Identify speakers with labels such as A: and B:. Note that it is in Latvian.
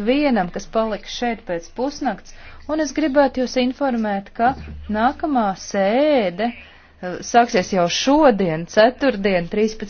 A: vienam, kas palika šeit pēc pusnakts, un es gribētu jūs informēt, ka nākamā sēde eh, sāksies jau
B: šodien,
A: ceturtdien, 13.